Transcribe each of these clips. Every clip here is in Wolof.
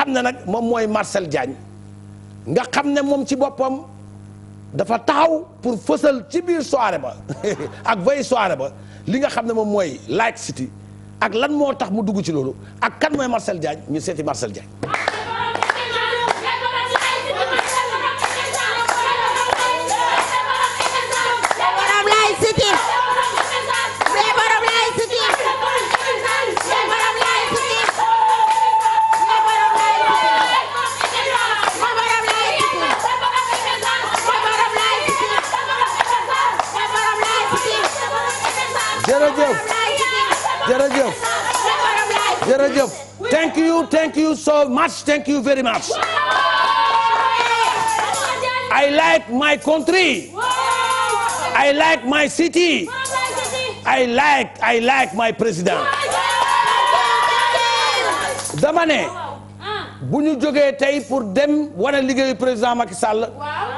xam ne nag moom mooy Marcel Diagne nga xam ne moom ci boppam dafa taxaw pour fësal ci biir soirée ba ak veille soirée ba li nga xam ne moom mooy laïcité ak lan moo tax mu dugg ci loolu ak kan mooy Marcel Diagne ñu seeti Marcel Diagne jërëjëf jërëjëf jërëjëf thank you thank you so much thank you very much I like my country I like my city I like I like my president dama ne bu ñu jógee tey pour dem wane liggéeyu président Macky Sall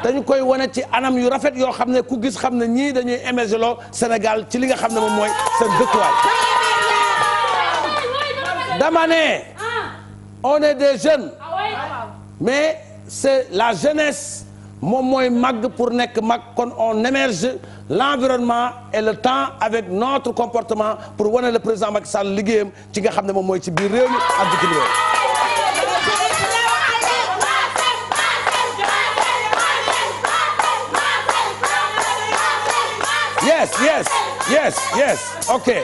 dañu koy wane ci anam yu rafet yoo xam ne ku gis xam ne ñii dañuy émerger loo Sénégal ci li nga xam ne moom mooy seen dëkkuwaay dama ne on est des jeunes mais c'est la jeunesse moom mooy màgg pour nekk mag kon on émerge l'environnement et le temps avec notre comportement pour wane le président Macky Sall liggéeyam ci nga xam ne moom mooy ci biir réew mi ak bitim yes yes yes yes ok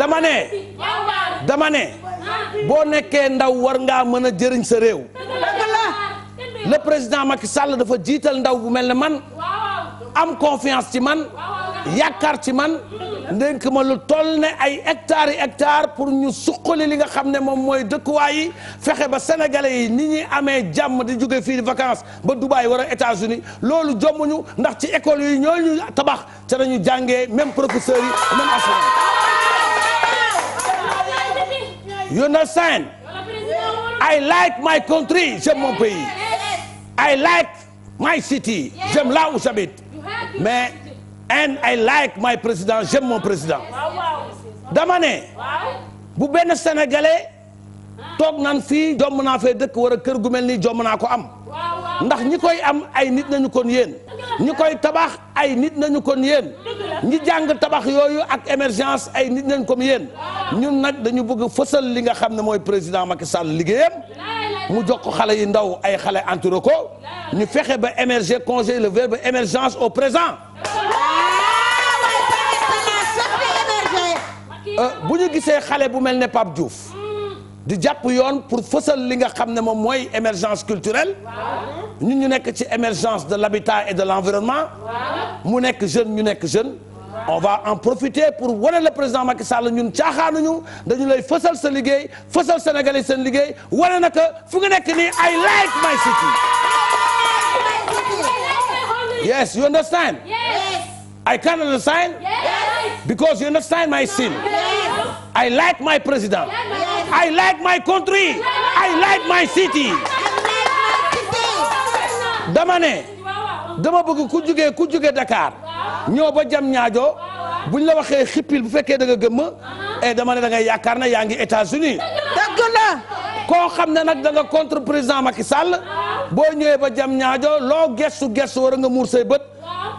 dama ne dama boo nekkee ndaw war ngaa mën a jëriñ sa réew le président Macky Sall dafa jiital ndaw bu mel ne man am confiance ci man yaakaar ci man ndénk ma lu toll ne ay hectares yi hectares pour ñu suqali li nga xam ne moom mooy dëkkuwaay fexe ba sénégalais yi ni ñuy amee jàmm di jóge fii vacances ba Dubaï war a États-Unis loolu jommuñu ndax ci école yi ñoo ñu tabax te nañu jànge même professeurs yi même assurance you understand I like my country j'aime mon pays I like my city j'aime là où j'habite and I like my président j'aime mon président dama ne bu benn sénégalais toog nan fii jomm naa fee dëkk war kër gu mel nii jomm naa ko am ndax ñi koy am ay nit nañu kon yéen ñi koy tabax ay nit nañu kon yéen ñi jàng tabax yooyu ak émergence ay nit nañu comme yéen ñun nag dañu bëgg fësal li nga xam ne mooy président Macky Sall liggéeyam mu jox ko xale yi ndaw ay xale entre ko ñu fexe ba émerger congé le verbe émergence au présent Euh, bu ñu gisee xale bu mel ne Pape Diouf di jàpp yoon pour fësal li nga xam ne moom mooy émergence culturelle ñun ñu nekk ci émergence de l'habitat et de l'environnement mu nekk jeune ñu nekk jeune on va en profiter pour wane le président Macky Sall ñun caaxaanuñu dañu lay fësal sa liggéey fësal sénégalais seen liggéey wane na que fu nga nekk nii I like my city yes you understand I can understand because you understand I like my président I like my country. I like my city. dama ne dama bëgg ku jóge ku jugee Dakar ñëw ba jam ñaajo buñ la waxee xippil bu fekkee da nga gëmm et eh, dama ne da ngay yaakaar na yaa ngi États-Unis dëgg la koo xam ne nag da nga contre président Macky Sall boo ñëwee ba jam ñaajo loo gestu gestu war nga muur say bët.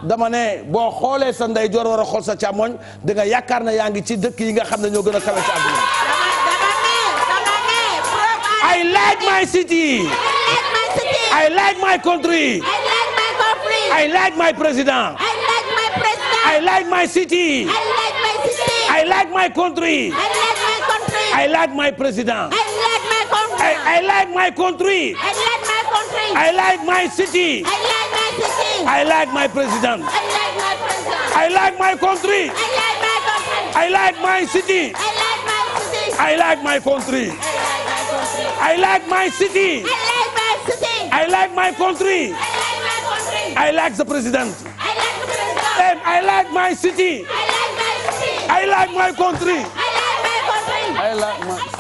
dama boo xoolee sa ndeyjoor war a xool sa càmmoñ di nga yaakaar na yaa ngi ci dëkk yi nga xam ne ñoo gën a kawe ci àdduna I like my city. I like my country. I like my president. I like my president. I like my city. I like my city. I like my country. I I like my city. I like my president. I like my president. I like my country. I like my country. I like my city. I like my city. I like my country. I like my city. I like my city. I like my country. I like my country. I like the president. I like the president. And I like my city. I like my city. I like my country. I like my country. I like my